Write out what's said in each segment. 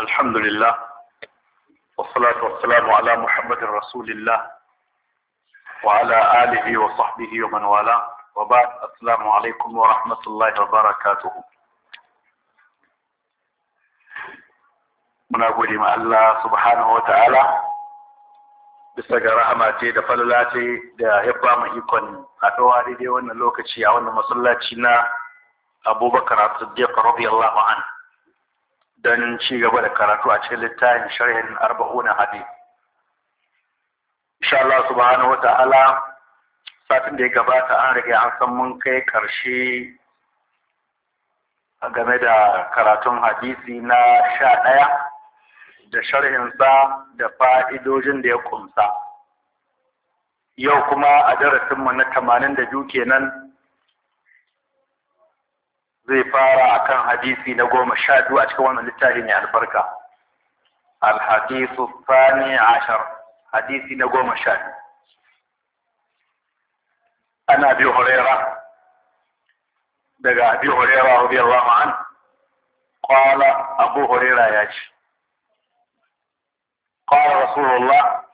الحمد لله والصلاة والسلام على محمد رسول الله وعلى آله وصحبه ومن والاه وبعد السلام عليكم ورحمة الله وبركاته muna gode ma Allah subhanahu wa ta'ala bisa ga rahama ce da falala ce da ya ba mu ikon haɗuwa daidai wannan lokaci a wannan masallaci na abubakar siddiq radiyallahu an don ci gaba da karatu a cikin littafin sharhin arba'una hadith insha Allah subhanahu wa ta'ala satin da ya gabata an rage an san mun kai karshe game da karatun hadisi na sha ɗaya da sharhinsa da fa'idojin da ya kumsa. Yau kuma a darasinmu na tamanin da biyu kenan zai fara a kan hadisi na goma sha biyu a cikin wannan littafi mai albarka. Alhadisu Sani Ashar, hadisi na goma sha biyu. Ana biyu horera daga abi horera radiyallahu an Kwala abu horera ya ce قال رسول الله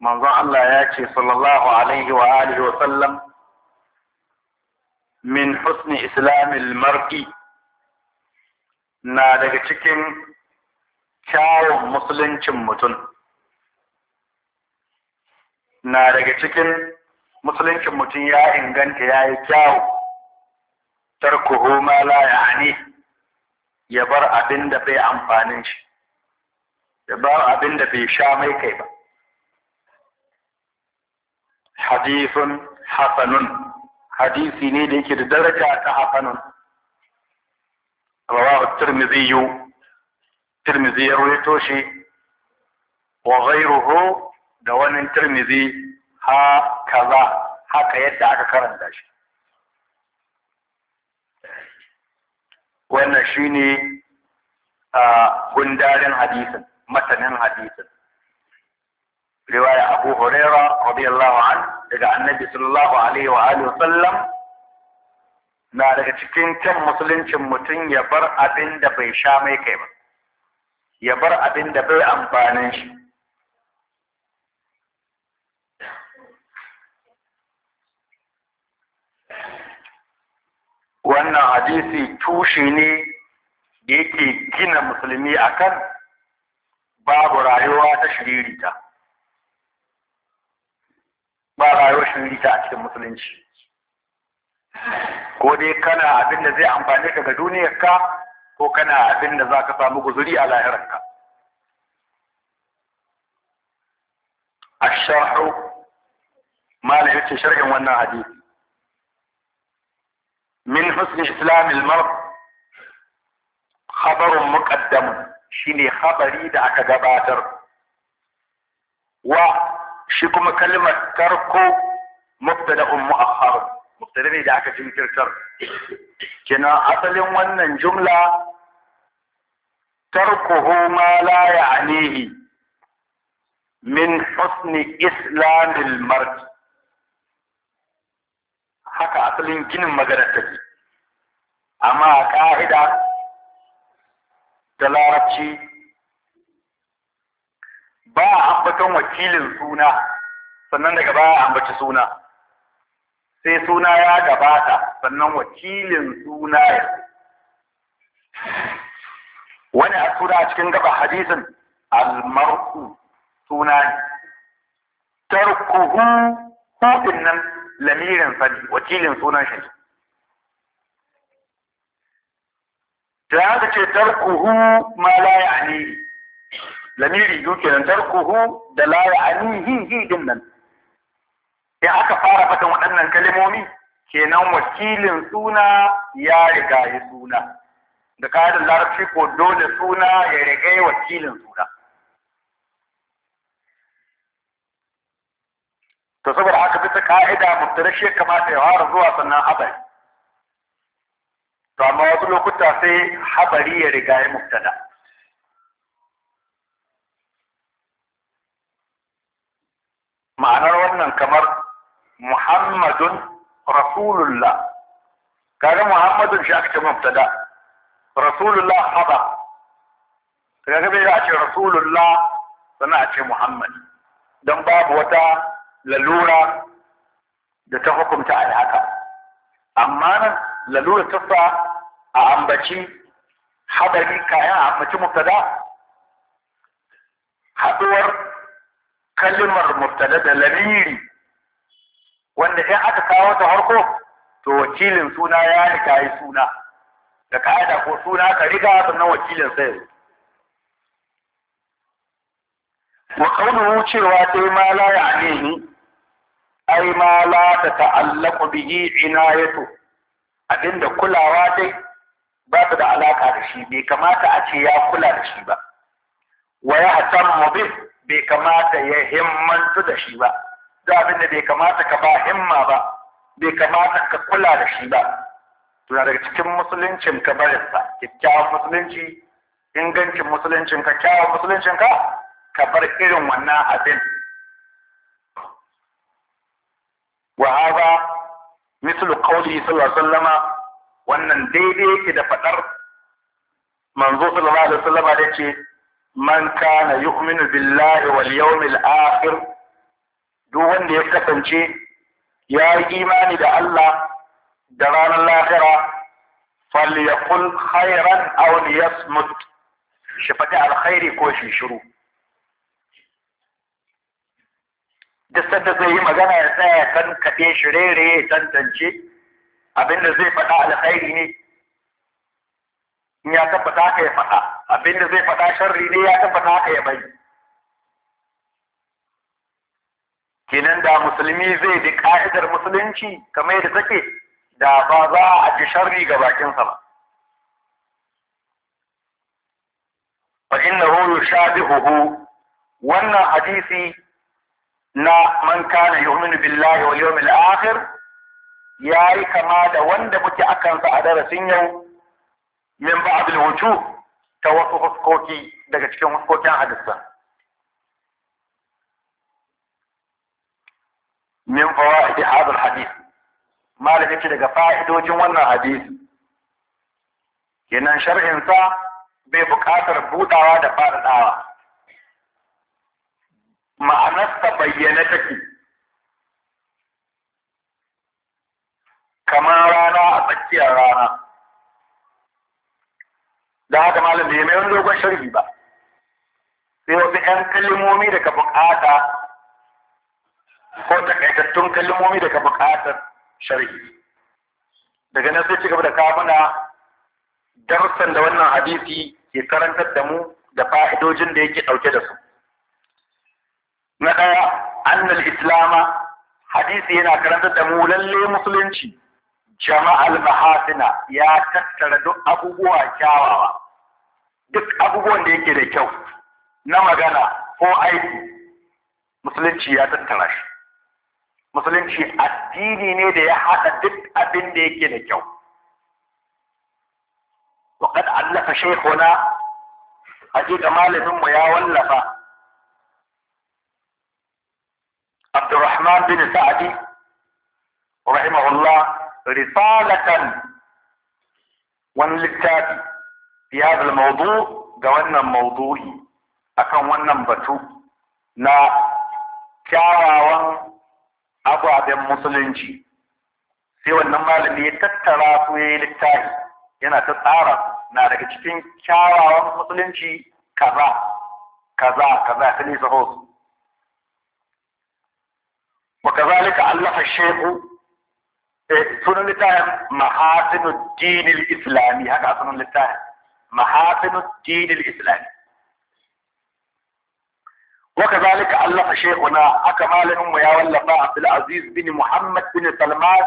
من ظن الله ياتي صلى الله عليه وآله وسلم من حسن إسلام المرء na daga cikin kyawun musuluncin mutum na daga cikin musuluncin mutum ya inganta ya yi kyawu tarkuhu ma la ya ya bar abin da bai amfanin shi ya ba abin da bai sha mai kai ba hadithun hasanun hadisi ne da yake da daraja ta hasanun rawahu tirmidhi yu tirmidhi ya rawaito shi wa ghayruhu da wani tirmidhi ha kaza haka yadda aka karanta shi wannan shine gundarin hadisin matanin hadisin riwaya Abu Huraira radiyallahu an daga Annabi sallallahu alaihi wa alihi wasallam na daga cikin kyan musuluncin mutum ya bar abin da bai sha mai kai ba ya bar abin da bai amfanin shi wannan hadisi tushe ne yake gina musulmi akan babu rayuwa ta shiririta ba rayuwar shiririta a cikin musulunci ko dai kana abin da zai amfani duniyar ka ko kana abin da za ka samu guzuri a lahirar lahirarka الشرح ما لا يتشرح wannan hadisi من حسن إسلام المرء khabarun muqaddam shine khabari da aka gabatar wa shi kuma kalmar tarko mubtada'un mu'akhkhar mubtada ne da aka jinkirtar kina asalin wannan jumla tarkuhu ma la ya'nihi min husni islamil mar'i haka asalin ginin maganar take amma a ka'ida da larabci ba a ambaton wakilin suna sannan daga baya a ambaci suna sai suna ya gabata sannan wakilin suna ya wani a suna a cikin gaba hadisin almarku suna ne tarkuhu hudin nan lamirin sani wakilin sunan shi sai aka ce tarkuhu ma la ya'ni lamiri biyu kenan tarkuhu da la ya'ni hi hi din nan sai aka fara fatan waɗannan kalmomi kenan wakilin suna ya riga ya suna da kayan larabci ko dole suna ya riga wakilin suna to saboda haka bisa ka'ida mutare shi kamata ya fara zuwa sannan habari فما أظنه كنت في حبرية رجاء مبتدا معنى وانا كمر محمد رسول الله كان محمد شاك مبتدا رسول الله خبر كذا بيجي رسول الله سنا محمد دم باب وتا للورا ده تحكم تعالى هكذا أمانا lalura tuffa a ambaci haɗari kayan a ambaci mubtada haɗuwar kalmar mubtada da lamiri wanda in aka kawo ta harko to wakilin suna ya riga yi suna da ka'ida ko suna ka riga sannan wakilin sai wa kaunuhu cewa sai ma la ya'nihi ai ma la ta ta'allaqu bihi inayatu abinda kulawa dai ba su da alaka da shi bai kamata a ce ya kula da shi ba wa ya san bi bai kamata ya himmantu da shi ba da abinda bai kamata ka ba himma ba bai kamata ka kula da shi ba tuna daga cikin musuluncin ka barinsa kyakkyawan musulunci ingancin musuluncin ka kyawun musuluncin ka ka bar irin wannan abin wa haza mislu qawli sallallahu alaihi wasallama wannan daidai yake da faɗar manzo sallallahu alaihi wasallama da ce man kana yu'minu billahi wal yawmil akhir duk wanda ya kasance ya yi imani da Allah da ranar lahira falyakul khairan aw liyasmut shi faɗi alkhairi ko shi shiru duk sanda zai yi magana ya tsaya kan san kaɗe shi rere ya tantance abinda zai faɗa alkhairi ne in ya tabbata haka ya faɗa abinda zai faɗa sharri ne ya tabbata haka ya bai kenan da musulmi zai bi ka'idar musulunci kamar yadda take da ba za a ji sharri ga bakinsa ba fa innahu yushabihuhu wannan hadisi na man kana yu'minu billahi wal yawmil akhir yayi kama da wanda muke akan sa a darasin yau min ba'd al wujuh ta wasu huskoki daga cikin huskokin hadisan min fawaid hadha al hadith malaka ce daga fa'idojin wannan hadisi kenan shar'in sa bai buƙatar budawa da faɗaɗawa ma'anarsa bayyana take kamar rana a tsakiyar rana da haka malam da ya mai wani dogon sharhi ba sai wasu 'yan kalmomi da ka bukata ko takaitattun kalmomi da ka bukatar sharhi daga nan sai ci gaba da kawo darussan da wannan hadisi ke karantar da mu da fa'idojin da yake dauke da su na ɗaya annal islama hadisi yana karanta da mu lalle musulunci jama'al mahasina ya tattara duk abubuwa kyawawa duk abubuwan da yake da kyau na magana ko aiki musulunci ya tattara shi musulunci addini ne da ya haɗa duk abin da yake da kyau وقد علف شيخنا أجد مالهم ya wallafa. عبد الرحمن بن سعد رحمه الله رسالة ونلتاب في هذا الموضوع دوانا موضوعي أكن وانا مبتو نا كارا وان أبو عبد المسلنجي في وانا ما لدي تترى في لتاب ينا تتعرى نا لك تفين كارا وان مسلنجي كذا كذا كذا خليس روزو وكذلك علق الشيخ سنن إيه، لتاه محاسن الدين الإسلامي هكذا سنن لتاه محاسن الدين الإسلامي وكذلك علق شيخنا أكمال أم يا ولف عبد العزيز بن محمد بن سلمان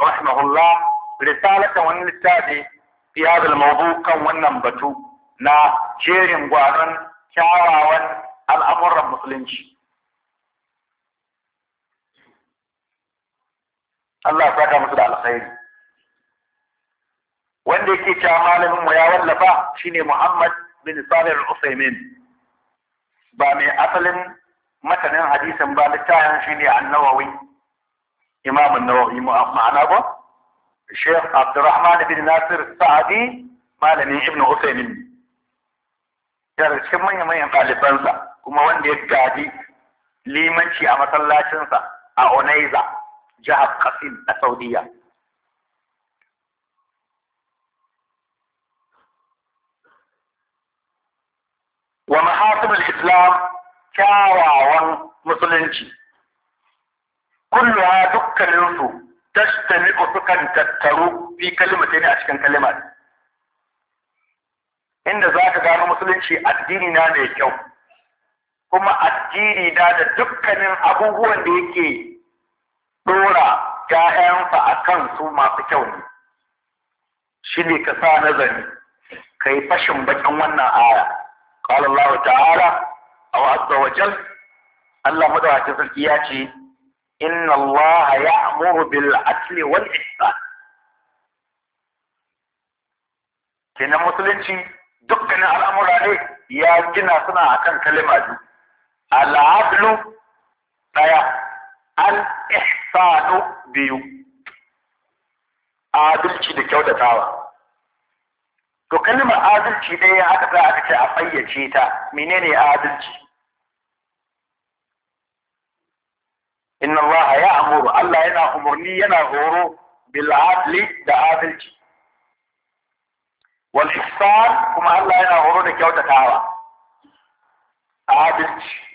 رحمه الله رسالة ونلتاه في هذا الموضوع كان 2 نا شيرين gwanon kyawawan الامر المسلمين Allah ya saka musu da alkhairi wanda yake cewa malamin mu ya wallafa shine Muhammad bin Salih al-Usaymin ba mai asalin matanin hadisin ba littafin shine an-Nawawi Imam an-Nawawi ma'ana ba Sheikh Abdurrahman bin Nasir Sa'adi malamin Ibn Usaymin yana cikin manya-manyan ɗalibansa kuma wanda ya gadi limanci a masallacinsa a Onaiza jihar Kasim a Saudiya wa mahasibul islam kyawawan musulunci kulluwa dukkaninsu tajtami'u sukan tattaru fi ne a cikin kalimar inda za ka gano musulunci addini na mai kyau kuma addini na da dukkanin abubuwan da yake Dora ‘ya'yansa a kan su masu kyau ne, shi ne ka sa nazari, ka yi fashin bakin wannan aya. Ƙwallon Allah ta'ala, a wa'azza wajen, Allah madawacin sarki ya ce, Inna Allah ya amuru bil asli wal ihsan. Kenan musulunci dukkanin al'amura ne ya gina suna akan kalima biyu. Al'adlu ɗaya al-ihsanu biyu adalci da kyautatawa to kalmar adalci dai haka za a ce a fayyace ta menene adalci inna Allah ya amuru Allah yana umurni yana horo bil adli da adalci wal ihsan kuma Allah yana horo da kyautatawa adalci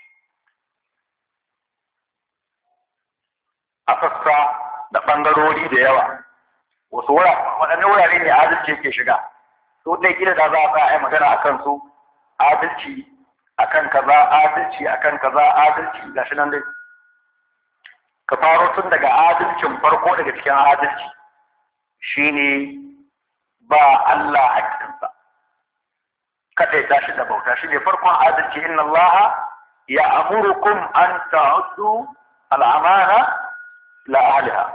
a sassa da ɓangarori da yawa wasu waɗanne wurare ne adalci ke shiga su ɗaya gida da za a tsaya magana a kan su adalci a kan kaza adalci a kan kaza adalci ga shi nan dai ka faro tun daga adalcin farko daga cikin adalci shine ba Allah a haƙƙinsa kaɗai ta shi da bauta shi ne farkon adalci inna Allah ya amurukum an ta'uddu al'amana la ahliha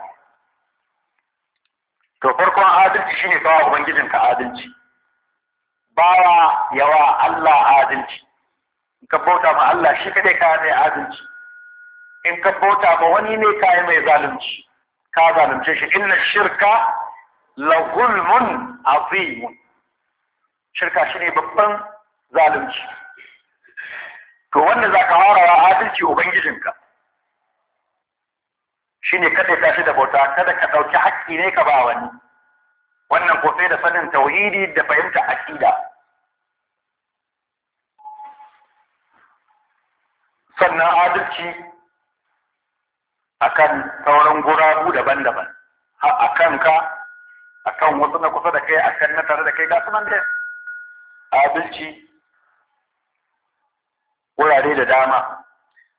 to farkon adalci shine kawo ubangijin ka adalci bawa yawa Allah adalci in ka bauta ma Allah shi kadai ka mai adalci in ka bauta ma wani ne ka yi mai zalunci ka zalunce shi inna shirka la zulmun azim shirka shine babban zalunci to wanda zaka fara wa adalci ubangijinka shine kada ka shi da bauta kada ka dauki haƙƙi ne ka ba wani wannan ko sai da sanin tauhidi da fahimta aqida sannan adalci akan sauran gurabu daban-daban a kan ka, a kan wasu na kusa da kai a kan na tare da kai gasu nan dai adalci wurare da dama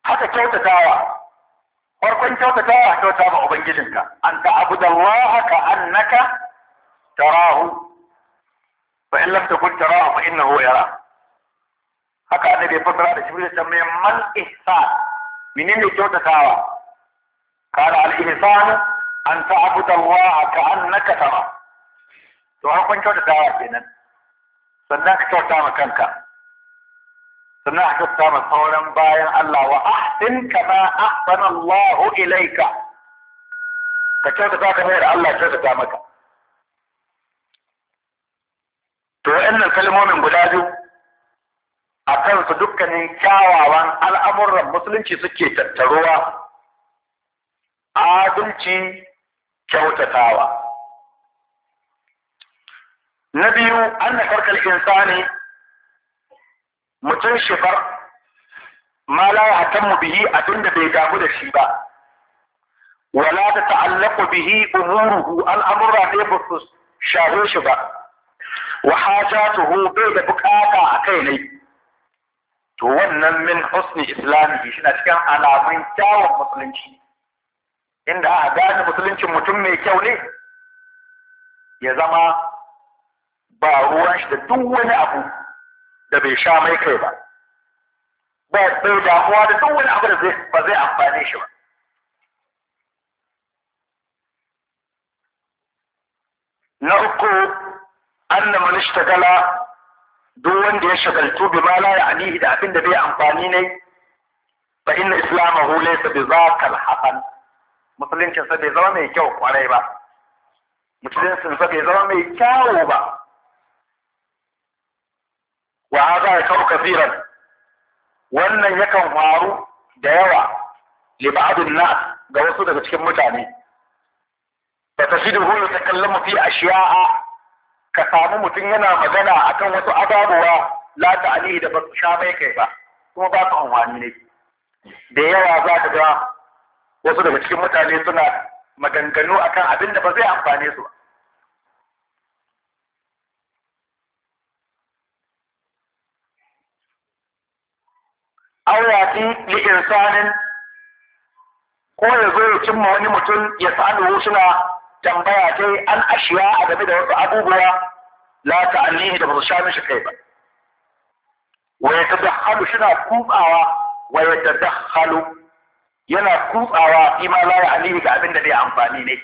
haka kyautatawa farkon kyautatawa kyauta ma ubangijinka an ta'budu Allah ka annaka tarahu fa in lam takun tarahu fa innahu yara haka annabi ya fassara da shi da mai mal ihsan menene kyautatawa kana al ihsan an ta'budu Allah ka annaka tarahu to farkon kyautatawa kenan sannan ka kyauta ma kanka sannan a kyauta ma sauran bayan Allah wa ahsin kama ahsan Allah ilaika ka kyautata ka mai da Allah kyautata maka to wa'annan kalmomin guda biyu a kansu dukkanin kyawawan al'amuran musulunci suke tattaruwa adalci kyautatawa na biyu an na farkar insani mutum shifar ma la yahtammu bihi abinda bai damu da shi ba wala ta ta'allaqu bihi umuruhu al'amura da ba su shahe shi ba wa hajatuhu bai da bukata a kai ne to wannan min husni islami shi na cikin alamun kyawun musulunci inda a gane musuluncin mutum mai kyau ne ya zama ba ruwan shi da duk wani abu da bai sha mai kai ba ba bai damuwa da duk wani abu da ba zai amfane shi ba na uku anna man ishtagala duk wanda ya shagaltu bi ma la ya'nihi da abin da bai amfani ne fa inna islamahu laysa bi zakal hasan musulunci sa bai zama mai kyau kwarai ba musulunci sa bai zama mai kyawu ba wa ya kawo kafiran wannan yakan faru da yawa li ba'd nas ga wasu daga cikin mutane fa tashiduhu yatakallamu fi ashiya'a ka samu mutum yana magana akan wasu ababuwa la ali da ba su sha mai kai ba kuma ba ka amfani ne da yawa za ka ga wasu daga cikin mutane suna maganganu akan abin da ba zai amfane su ba aurati li insanin ko ya zo ya cimma wani mutum ya sa'alu suna tambaya kai an ashiya a game da wasu abubuwa la ta'allihi da ba su sha mishi kai ba wa yatadakhalu suna kubawa wa yatadakhalu yana kutsawa fi ma la ya'lihi ga abin da bai amfani ne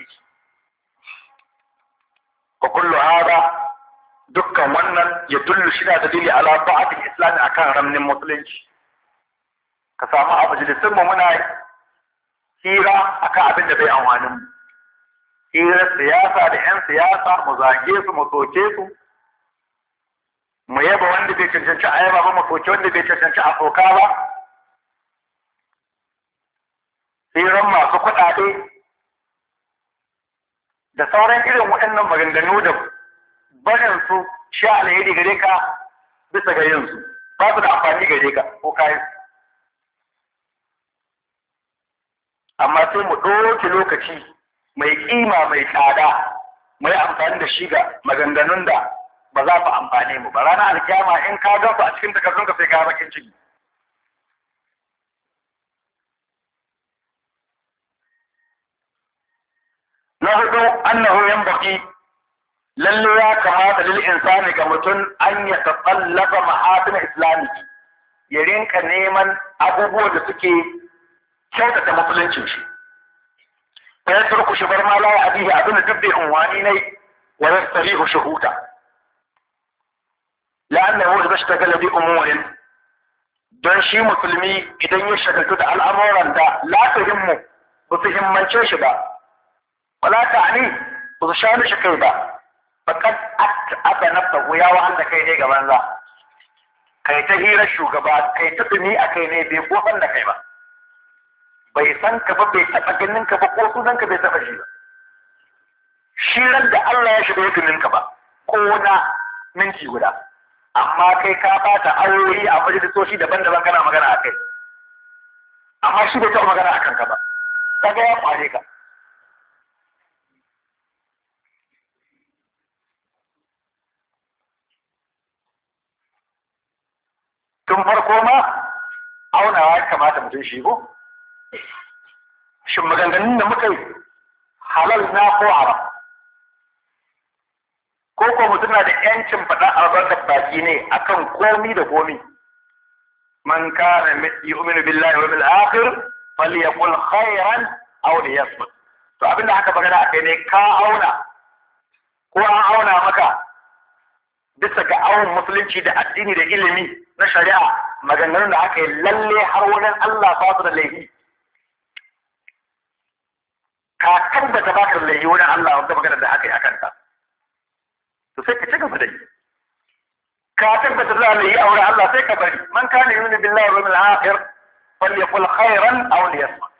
wa kullu hada dukkan wannan ya dullu shi da dalili ala ta'atul islam akan ramnin musulunci ka samu a majalisun mu muna hira akan abin da bai amfani mu hirar siyasa da yan siyasa mu zage su mu soke su mu yaba wanda bai cancanci a yaba ba mu soke wanda bai cancanci a soka ba hirar masu kuɗaɗe da sauran irin waɗannan maganganu da barin su sha alheri gare ka bisa ga yin su ba su da amfani gare ka ko kayan su amma sai mu ɗauki lokaci mai kima mai tsada mu yi amfani da shi ga maganganun da ba za ku amfane mu ba ranar alkiyama in ka gan a cikin takardun ka sai ka bakin ciki na hudu annahu baki lalle ya kamata lil insani ga mutum an ya tatallaba mahatin islami ya rinka neman abubuwan da suke kyautata musuluncin shi wa yasruku shi bar ma la ya'dihi abin duk bai unwani ne wa yastarihu shuhuta la'annahu idza ishtagala bi umurin don shi musulmi idan ya shagaltu da al'amuran da la tuhimmu ba su himmance shi ba wala ta'ani ba su shanu shi kai ba faqad at'aba nafsahu ya wa da kai ne gaban za kai ta hirar shugaba kai ta dumi a kai ne bai kofar da kai ba bai san ka ba bai taɓa ganin ka ba ko sunan ka bai taɓa shi ba shi ran da Allah ya shiga hukumin ka ba ko na minti guda amma kai ka bata aure a majalisoci daban-daban kana magana a kai amma shi bai taɓa magana a kanka ba kaga ya ƙware ka tun farko ma aunawa ya kamata mutum shi ko shi maganganun da muka yi halal na ko haram ko ko mutum na da yancin faɗa albarkar baki ne akan komi da komi man kana yu'minu billahi wa bil akhir falyaqul khairan aw liyasmut to abinda haka magana akai ne ka auna ko an auna maka bisa ga awon musulunci da addini da ilimi na shari'a maganganun da aka yi lalle har wurin Allah ba su da laifi ka tabbata ba ka lalle wurin Allah wanda magana da aka yi akan ta to sai ka ci gaba da yi ka tabbata za lalle a wurin Allah sai ka bari man kana yuni billahi wa bil akhir falyakul khairan aw liyasmut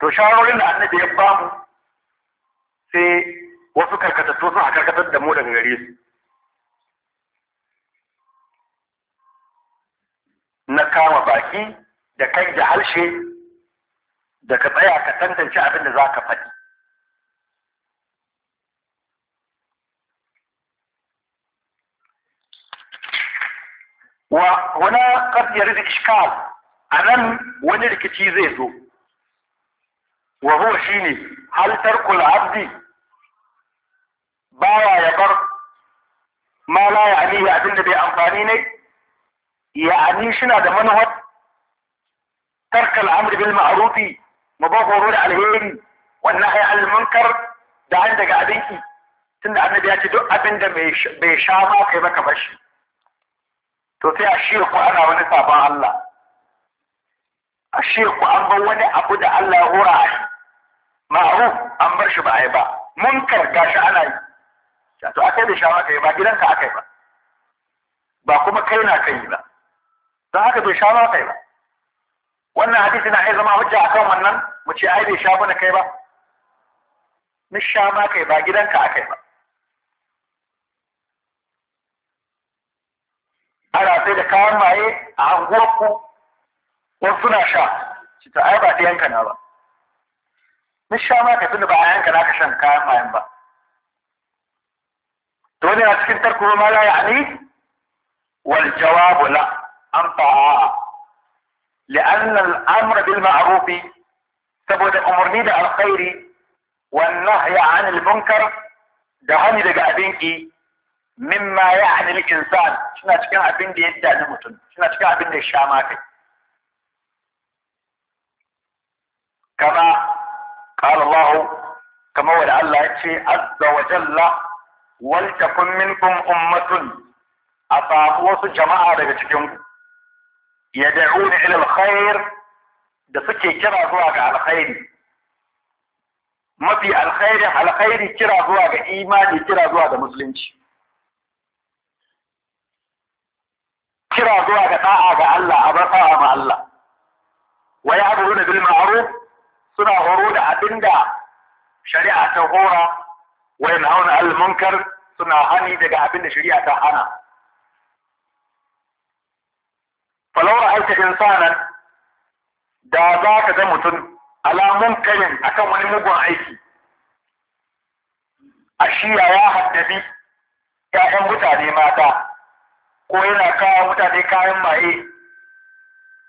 to shawarorin da annabi ya bamu sai wasu karkatattu sun karkatar da mu daga gare su na kama baki da kan da harshe وهنا قد يرد إشكال أنا وين الكتي زيزو وهو شيني هل ترك العبد بايا يبر ما لا يعنيه أدل بأنفانيني يعني شنا دمنوات ترك العمر بالمعروف mu ba horo da alheri wannan hai almunkar da an daga abinki tunda annabi ya ce duk abin da bai sha ma kai ba ka bar shi to sai a shirku ana wani sabon Allah a shirku an bar wani abu da Allah ya hora a shi ma'ruf an bar shi ba a yi ba munkar gashi ana yi to akai bai sha ma kai ba gidanka akai ba ba kuma kai na kai ba don haka bai sha ma kai ba wannan hadisi na ai zama hujja akan wannan mu ce ai bai sha bana kai ba ni sha ma kai ba gidanka akai ba ana sai da kayan maye a anguwarku wasu suna sha ci ta ai ba ta yanka na ba ni sha ma kai tunda ba a yanka na ka shan kayan mayen ba to ne a cikin tarko ma la ya'ni wal jawabu la an fa'a لأن الأمر بالمعروف ثبت أمر نيد الخير والنهي عن المنكر دهني دقا بينكي مما يعني الإنسان شنا تكا بين يدى نمتن شنا تكا بين دي كما قال الله كما هو الله عز وجل ولتكن منكم أمة أطاقوص جماعة لكتكم يدعون إلى الخير دفتش كرا ضواج على خير ما في الخير على خير كرا ضواج إيمان كرا ضواج مسلمش كرا ضواج طاعة الله أبقى مع الله ويعبرون بالمعروف صنع غرور عبندا شريعة غورة وينهون على المنكر صنع هني دقى شريعة حنا falawar aiki insanan da za ka ga mutum alamun kanin akan wani mugun aiki a shiya ya haddabi ‘ya'yan mutane mata ko yana kawo mutane kayan maye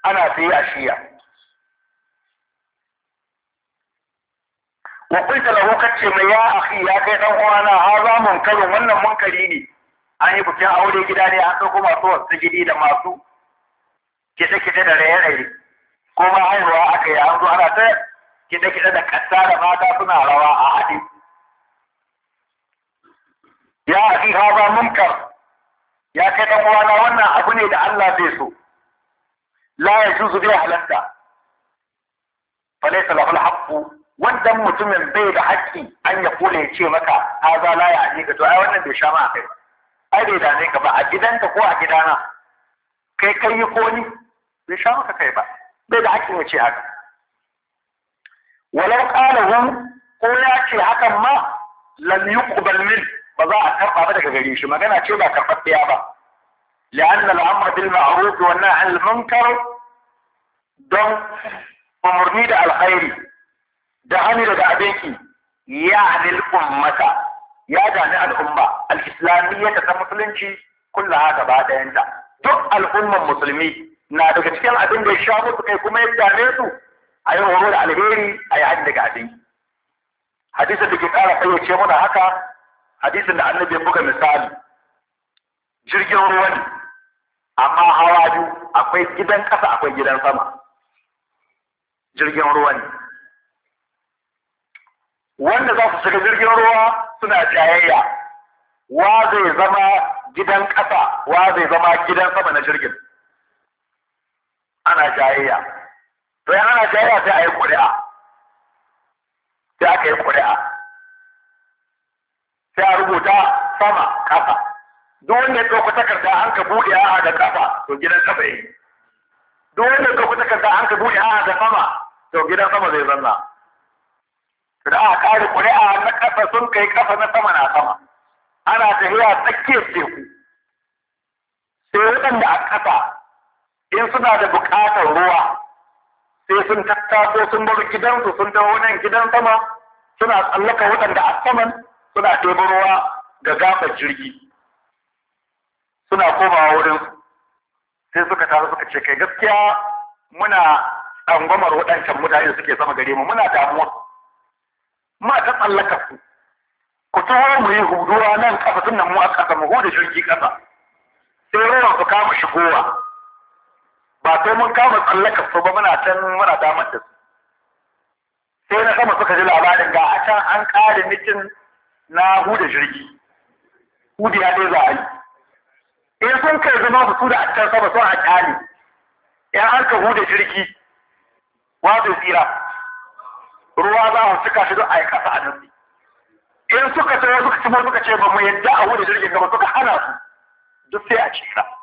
ana sayi a shiya. wa kulta lahu kace mai ya akhi ya kai dan uwana mun karo wannan munkari ne an yi bikin aure gida ne an dauko masu wasu gidi da masu kide-kide da raye-raye ko ma haihuwa aka yi an zo ana ta kide-kide da ƙasa da mata suna rawa a haɗe. Ya haɗi haza munkar ya kai ɗan uwana wannan abu ne da Allah zai so. La ya juzu bai halatta. Falaisa lahul haƙƙu. wanda mutumin bai da haƙƙi an ya kula ya ce maka haza la ya haɗi ka to ai wannan bai sha ma a kai Ai bai dame ka ba a gidanka ko a gidana. Kai kai yi ko bai sha maka kai ba bai da hakkin ya ce haka walau qalahu ko ya ce hakan ma lam yuqbal min ba za a karba ba daga gare shi magana ce ba karɓaɓɓiya ba لأن الأمر بالمعروف والنهي عن المنكر don umarni da alkhairi da hannu daga abinki ya hanil ummata ya gani al'umma al'islamiyya ta ta musulunci kulla gaba ɗayanta duk al'umman musulmi na daga cikin abin da ya sha musu kai kuma ya dame su a yi horo da alheri a yi hadin daga hadin hadisin da ke ƙara fayyace muna haka hadisin da annabi buga misali jirgin ruwa ne amma hawa biyu akwai gidan ƙasa akwai gidan sama jirgin ruwa ne wanda za su shiga jirgin ruwa suna jayayya wa zai zama gidan ƙasa wa zai zama gidan sama na jirgin ana jayayya to yan ana jayayya sai a yi ƙuri'a sai aka yi ƙuri'a sai a rubuta sama kafa duk wanda ya ɗauko takarda an ka buɗe a da kafa to gidan kafa yi duk wanda ya ɗauko takarda an ka buɗe a da sama to gidan sama zai zanna da aka kare ƙuri'a na kafa sun kai kafa na sama na sama ana tafiya tsakiyar teku sai waɗanda a ƙasa in suna da bukatar ruwa sai sun tattaso sun bar gidansu sun taho wajen gidan sama suna tsallaka waɗanda a saman suna ɗebo ruwa ga gafar jirgi suna komawa wurin sai suka taru suka ce kai gaskiya muna tsangwamar waɗancan mutane suke sama gare mu muna damuwa ma ta tsallaka su ku taho mu yi huduwa nan ƙasa sun mu a ƙasa mu huda jirgi ƙasa sai ruwan su kama shigowa ba sai mun kama tsallakar su ba muna can muna damar da su sai na sama suka ji labarin ga a can an ƙare mitin na huda jirgi hudu ya ɗaya za a yi in sun kai zama su su da a can sama sun a ƙare in an ka huda jirgi wato tsira ruwa za su cika shi don a yi kasa a nan in suka ce suka ci suka ce ba mu yadda a huda jirgin gaba suka hana su duk sai a tsira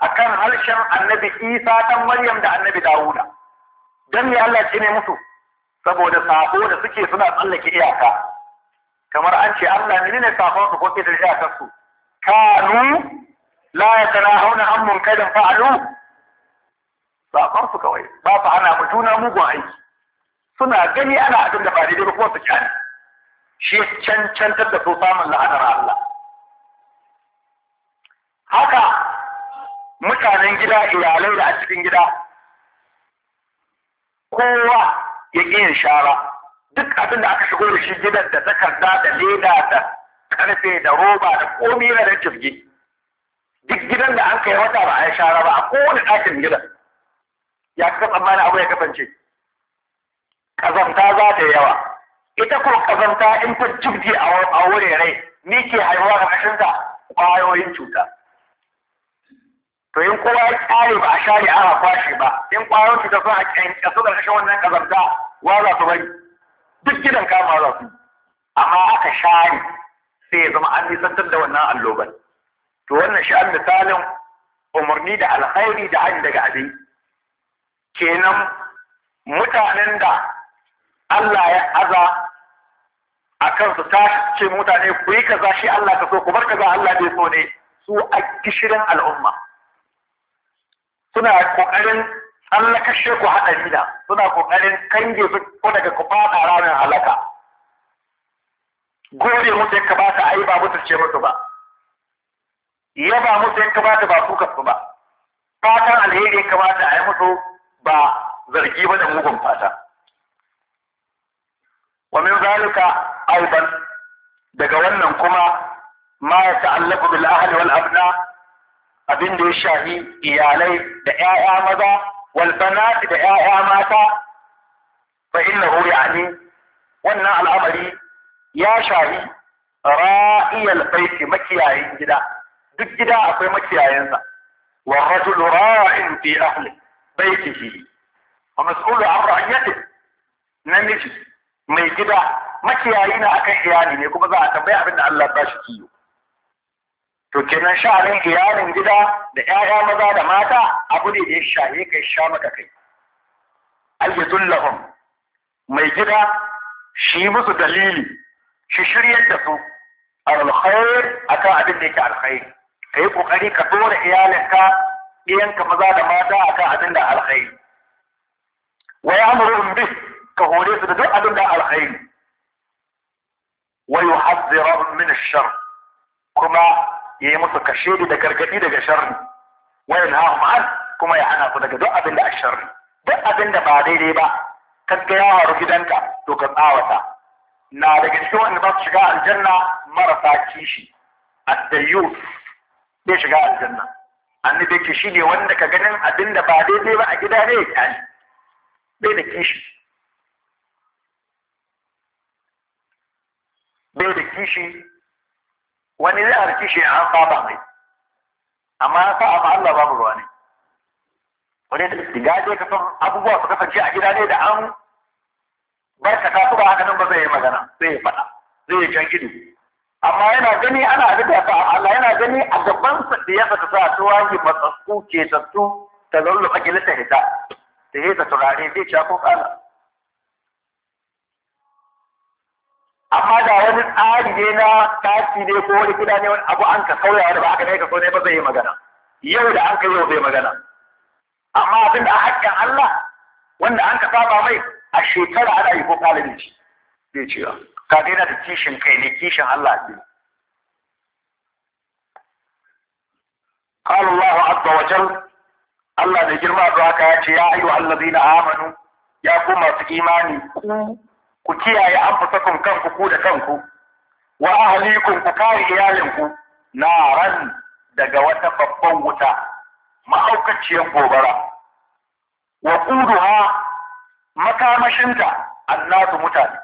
akan harshen annabi isa dan maryam da annabi dawuda Don me Allah ce ne musu saboda sako da suke suna tsallake iyaka kamar an ce Allah ne ne sakon su ko da iyakar su kanu la yatanahuna an munkarin fa'alu sakon su kawai ba su ana mu juna mugun aiki suna gani ana abin da ba daidai ba kuma su kyani shi cancantar da su samun la'anar Allah haka mutanen gida iyalai da a cikin gida kowa ya ƙi yin shara duk abin da aka shigo da shi gidan da takarda da leda da karfe da roba da komi na da jirgi duk gidan da an kai wata ba a yi shara ba a kowane ɗakin gidan ya kasa tsammanin abu ya kasance ƙazanta za ta yi yawa ita ko ƙazanta in ta jirgi a wurare ni ke haihuwa da ƙashinta ƙwayoyin cuta to in kowa ya tsare ba a share ana kwashe ba in kwayoyin cuta sun a kyankyasu ƙarƙashin wannan ƙazanta wa za su bari duk gidan kama za su amma aka share sai ya zama an nisantar da wannan alloban to wannan sha'an misalin umarni da alkhairi da hanyar daga abin kenan mutanen da Allah ya aza a kansu ta ce mutane ku yi kaza shi Allah ka so ku bar kaza Allah bai so ne su a gishirin al'umma suna ƙoƙarin Allah kashe ku haɗari da suna ƙoƙarin kange ku daga ku fada ranar halaka. Gode musu ya kamata a yi ba musu ce musu ba. Yaba musu ya kamata ba su kasu ba. Fatan alheri ya kamata a yi musu ba zargi ba da mugun fata. Wa min zalika aiban daga wannan kuma ma ya ta'allaku bil ahli wal abna abin da ya shafi iyalai da ‘ya'ya maza walbanati da ‘ya'ya mata fa inna huri ani wannan al'amari ya shafi ra'iyal baiti makiyayin gida duk gida akwai makiyayensa wa rajul ra'in fi ahli baitihi wa mas'ulu an ra'iyati mai gida makiyayi na akan iyali ne kuma za a tambaya abin da Allah ba shi kiyo to kenan sha'anin iyalin gida da 'ya'ya maza da mata abu ne da ya shaye kai sha maka kai ayyadun lahum mai gida shi musu dalili shi shiryar da su alkhair akan abin da yake alkhair kai kokari ka dora iyalinka ɗiyanka maza da mata akan abin da alkhair wa ya'muru bi ka hore su da duk abin da alkhair wa yuhadhdhiru min ash kuma Yi musu kashedi da gargadi daga sharri wa na an kuma ya hana ku daga duk abin da sharri duk abin da ba daidai ba kaga ya haru gidanka to ka tsawata na daga cikin wanda ba su shiga aljanna marasa kishi addayyuf bai shiga aljanna annabi ce shi ne wanda ka ganin abin da ba daidai ba a gida ne ya kyali bai da kishi bai da kishi wani zai harki shi an saba mai amma ya sa'a ma Allah babu ruwa ne wani da gaje ka san abubuwa su kasance a gida ne da an barkata su ba haka nan ba zai yi magana zai yi faɗa zai yi can ido amma yana gani ana abin da sa'a Allah yana gani a gaban sa da ya saka sa wani matsatsu ke tattu ta zallu fakilinta hita ta hita turare zai ci ko amma da wani tsari ne na tashi ne ko wani gida ne wani abu an ka sauya wani ba aka ne ka so ne ba zai yi magana yau da an ka yau zai magana amma abin da hakkin Allah wanda an ka saba mai a shekara ana yi ko kalin shi zai ce ka daina da kishin kai ne kishin Allah ne قال الله عز وجل Allah da girma da haka ya ce ya ayyuhallazina amanu ya kuma su imani ku ku kiyaye anfusakum kanku ku da kanku wa ahlikum ku kare iyalinku ran daga wata babban wuta ma'aukaciyar gobara wa ha makamashinta annasu mutane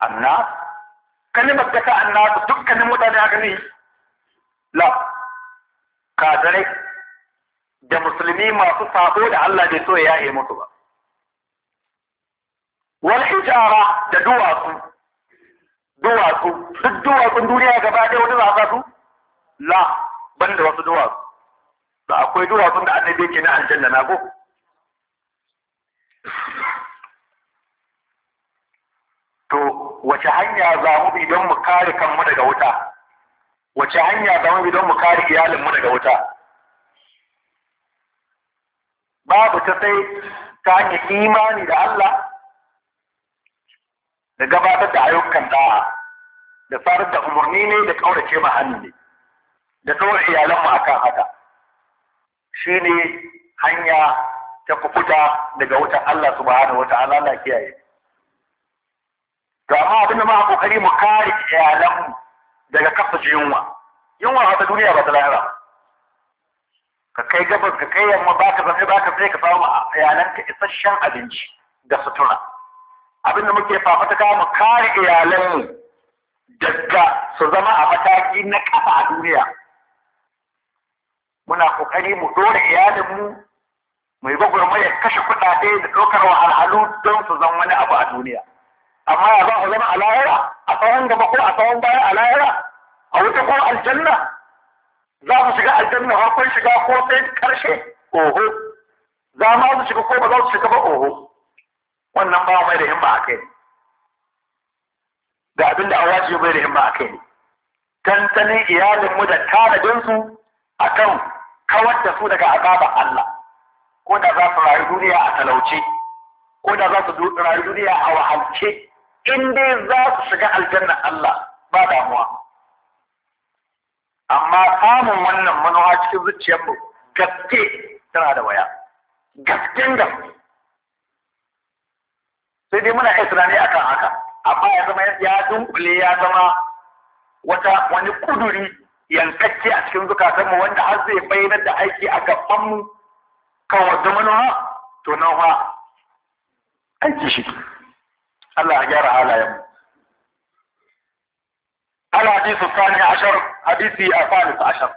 annas kalimar da ta annasu dukkanin mutane haka ne la kadare da musulmi masu sabo da Allah bai so ya yi musu ba wal hijara da duwatsu duwatsu duk duwatsun duniya gaba ɗaya wani zaɓa su la ban da wasu duwatsu da akwai duwatsun da annabi ke na aljanna na ko to wace hanya za mu bi don mu kare kanmu daga wuta wace hanya za mu bi don mu kare iyalinmu daga wuta babu ta sai ta hanyar imani da Allah da gabatar da ayyukan da'a da farar da umarni ne da kaurace ma hannu ne da tsawon iyalan mu akan haka shi ne hanya ta kufuta daga wutan Allah subhanahu wata na kiyaye amma abinda ma kokari mu kare iyalanmu daga kafa yunwa yunwa wata duniya ba ta lahira ka kai gabas ka kai yamma ba ka zafi ba ka sai ka samu iyalanka isasshen abinci da sutura abin da muke fafataka mu kare iyalanmu daga su zama a mataki na kafa a duniya muna kokari mu dora iyalinmu mai gwagwarmayar kashe kuɗaɗe da ɗaukar wahalhalu don su zama wani abu a duniya amma ya za a zama a lahira a tsawon gaba ko a tsawon baya a lahira a wuta ko aljanna za mu shiga aljanna kun shiga ko sai karshe oho za ma su shiga ko ba za su shiga ba oho wannan bawa mai da himma a kai ne da abin da an wajibi mai da himma a kai ne tantanin iyalinmu da tanadinsu a kan kawar da su daga azabar Allah ko da za su rayu duniya a talauce ko da za su rayu duniya a wahalce in dai za su shiga aljanna Allah ba damuwa amma samun wannan manuwa cikin zuciyarmu gaske tana da waya gasken gaske sai dai muna iya tunani akan haka amma ya zama ya dunkule ya zama wata wani kuduri yankacce a cikin zukatanmu wanda har zai bayyanar da aiki a gabanmu kan wata manuwa to nan ha aiki shi Allah ya gyara halayenmu الحديث الثاني عشر حديث الثالث عشر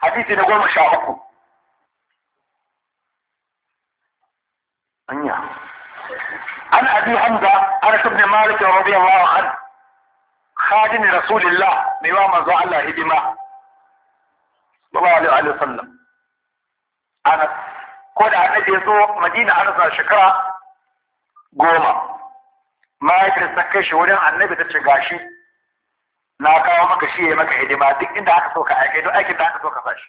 حديث نقول مشاعركم أنيا عن أبي حمزة أنس بن مالك رضي الله عنه خادم رسول الله بما زع الله هدمة صلى الله عليه وسلم أنس كل أنس يزو مدينة أنس شكرا goma mahaifiyar ta kai shi wurin annabi ta ce gashi na kawo maka shi maka hidima duk inda aka so ka aike duk aikin da aka so ka sashi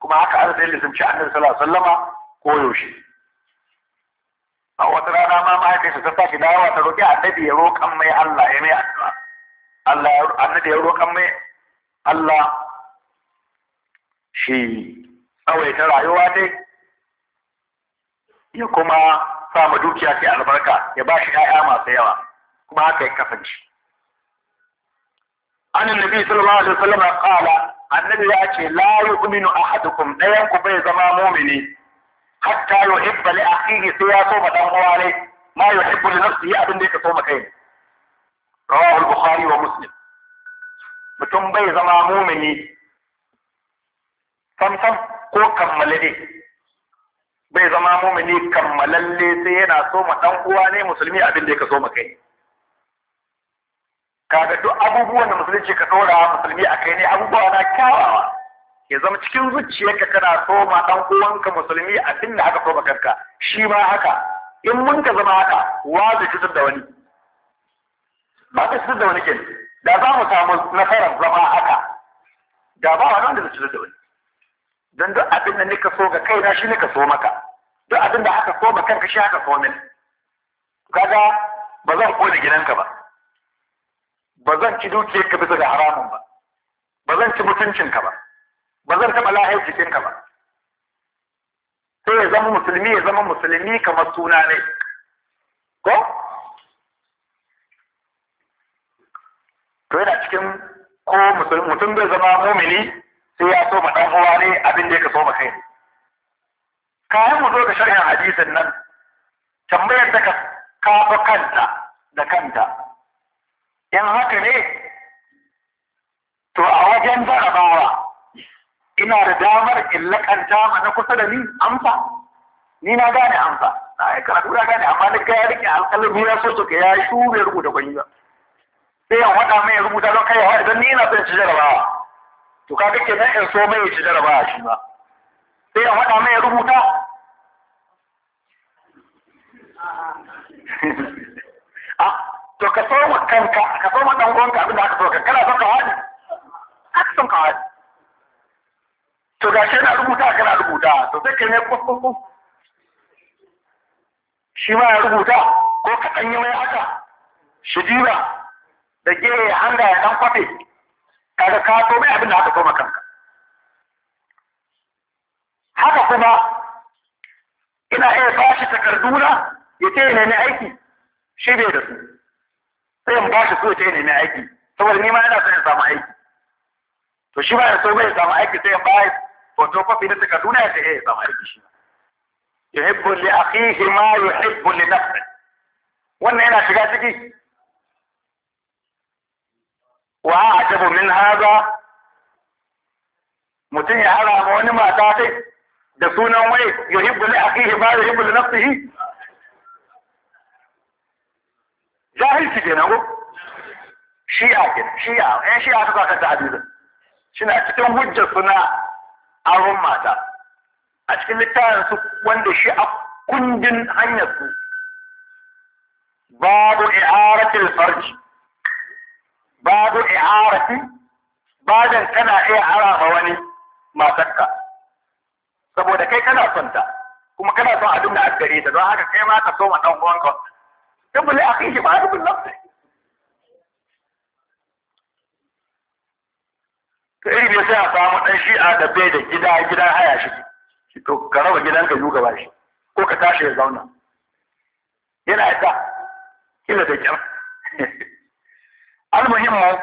kuma haka an sai lisanci annabi sallallahu ko yaushe a wata rana ma mahaifinsa ta tashi dawowa ta roƙi annabi ya roƙan mai Allah ya mai addu'a Allah annabi ya roƙan mai Allah shi ta rayuwa dai ya kuma sa ma dukiya sai albarka ya ba shi ‘ya'ya masu yawa kuma haka ya kasance. An nabi sallallahu alaihi wasallam qala annabi ya ce la yu'minu ahadukum dayan ku bai zama mumini hatta yuhibba a akhihi sai ya so ma dan uwa ne ma yuhibbu li nafsihi abin da yake so maka kai rawahu al-bukhari wa muslim mutum bai zama mumini samsam ko kammale ne, bai zama mumini kammalalle sai yana so maɗan uwa ne musulmi abin da yake so maka kai kaga duk abubuwan da musulunci ka dora musulmi a kai ne abubuwa na kyawawa ya zama cikin zuciyarka kana soma dan uwanka musulmi abin da aka soma karka. shi ma haka in mun ka zama haka wa zai fitar da wani ba ka fitar da wani ke da za mu samu nasarar zama haka da ba wa wanda zai fitar da wani don duk abin da nika so ga kaina shi nika so maka duk abin da aka so ma kanka shi haka so min kaga ba zan kone gidanka ba ba zan ci dukiyarka bisa da haramun ba ba zan ci mutuncinka ba ba zan taɓa lahayar jikinka ba sai ya zama musulmi ya zama musulmi kamar suna ne ko to yana cikin ko mutum bai zama mumini sai ya so ma dan uwa ne abin da ya so ma kai ne kayan mu zo ga sharhin hadisin nan tambayar da ka kafa kanta da kanta in haka ne to a wajen jarabawa ina da damar in lakanta ma na kusa da ni amsa ni na gane amsa na yi karatu na gane amma na kai rike alƙalami ya so ka ya shure rubuta kwanyi ba. sai ya wada mai rubuta don kai wa idan ni ina son ci jarabawa to ka kake nan in so mai ci jarabawa shi ma sai ya wada mai rubuta a ah, to ka so kanka ka so ma dan gonka abin da aka so ka kana so ka wani aka son ka wani to ga shi na rubuta kana rubuta to sai kai ne kwakwakwa shi ma ya rubuta ko kaɗan yi mai haka shi jiba da gere hanga ya ɗan kwafe kaga ka to mai abin da aka koma kanka haka kuma ina iya bashi takarduna ya ce ne aiki shi bai da su sai in bashi su ya ce ne aiki saboda ni ma yana son ya samu aiki to shi ba ya so bai samu aiki sai in bashi فتوقع في نفسك دون هذه ايه يحب لأخيه ما يحب لنفسه وان هنا شكاتك واعجب من هذا متي على مواني ما تاتي دسونا يحب لأخيه ما يحب لنفسه جاهل في جنبه شيعة جنب شيعة ايه شيعة تتاكد حديثة شنو اكتم وجه صناعة aron mata a cikin littafin su wanda shi a kundin hanyar su babu i'aratil farji babu i'arati badan kana iya arafa wani matarka saboda kai kana son ta kuma kana son a da addare ta don haka kai ma ka so ma dan uwanka dubul akhihi ba dubul nafsi haka bai da gida gidan haya shi to ka raba gidanka biyu ka bashi ko ka tashi ya zauna yana ta kila da kyar almuhimmu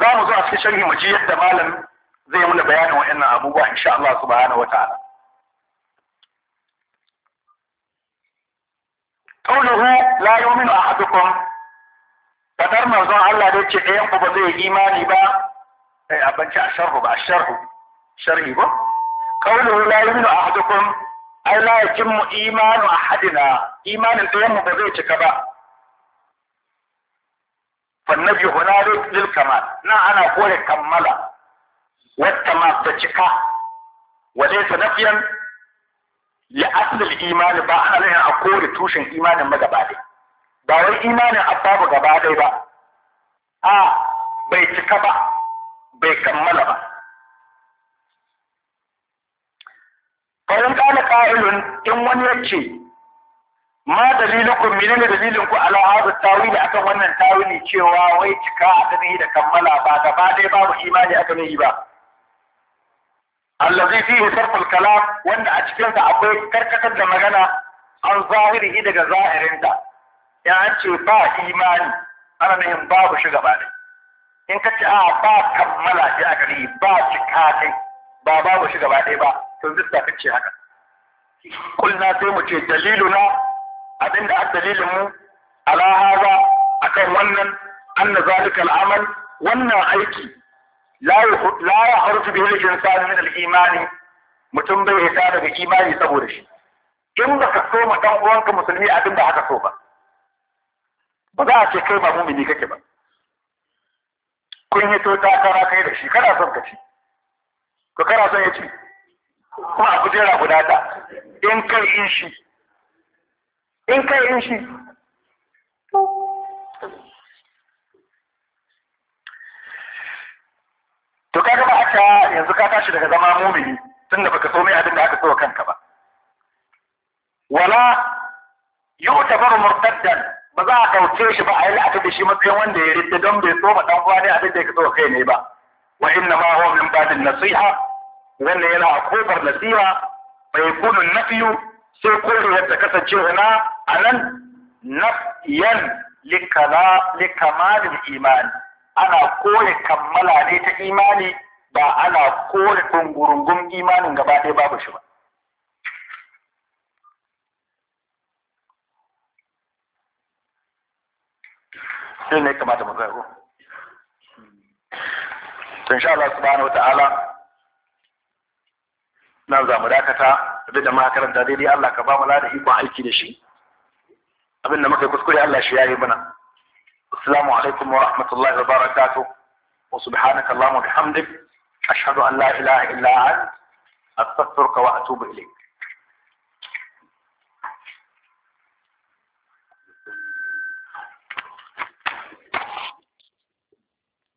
za mu zo a cikin sharhi mu ji yadda malam zai muna bayanin wa'annan abubuwa insha Allah subhanahu wataala قوله لا يؤمن أحدكم فدر منظر الله ده ce ɗayan ku ba zai imani ba a banci a sharhu ba a sharhu sharhi ba qawluhu la yu'minu ahadukum ai la yakimmu imanu ahadina imanin ɗayan mu ba zai cika ba fannabi hunalik lil kamal na ana kore kammala wata ma ta cika wa laysa nafiyan li asl al iman ba ana ne a kore tushen imanin magabaɗai ba wai imanin abbabu gaba ɗaya ba a bai cika ba bai kammala ba bayan kana ƙa'ilun in wani yake ma dalilukum menene dalilin ku ala hadu tawili akan wannan tawili cewa wai cika a tabihi da kammala ba gaba dai babu imani aka yi ba allazi fihi sarful kalam wanda a cikin akwai karkatar da magana an zahiri daga zahirinta ya an ce ba imani ana nahin babu shi gaba dai in ka ce a ba kammala sai aka yi ba cika kai ba babu shi gaba dai ba to zista kace haka kulna sai mu ce daliluna abinda a dalilin mu ala haza akan wannan anna zalika al'amal wannan aiki la la yahrufu bihi al-insan min al-iman mutum bai hita daga imani saboda shi in ba ka so ma dan uwanka musulmi abinda haka so ba ba za a ce kai ba mumini kake ba kun yi to takara kai da shi kana son ka ci to kana son ya ci ko a kujera guda ta in kai in shi in kai in shi to kaga ba aka yanzu ka tashi daga zama mumini tun da baka so mai abin da aka so kanka ba wala yu'tabaru murtaddan ba za a kauce shi ba a yi la'akari da shi matsayin wanda ya rinda don bai so ba dan uwa ne abin da ya so kai ne ba wa inna ma huwa min ba'd nasiha wanda yana a kofar nasiha bai kunu nafiyu sai korewar yadda kasance huna a nan nafiyan likamalin imani ana kore kammala ne ta imani ba ana kore ɗungurungun imanin gaba ɗaya babu shi ba sai ne kamata mu kai ko insha Allah subhanahu wa ta'ala na za mu dakata abin da muka karanta daidai Allah ka ba mu da ikon aiki da shi abin da muka kuskure Allah shi yayi mana assalamu alaikum wa rahmatullahi wa barakatuh wa subhanaka allahumma bihamdik ashhadu an la ilaha illa anta astaghfiruka wa atubu ilayk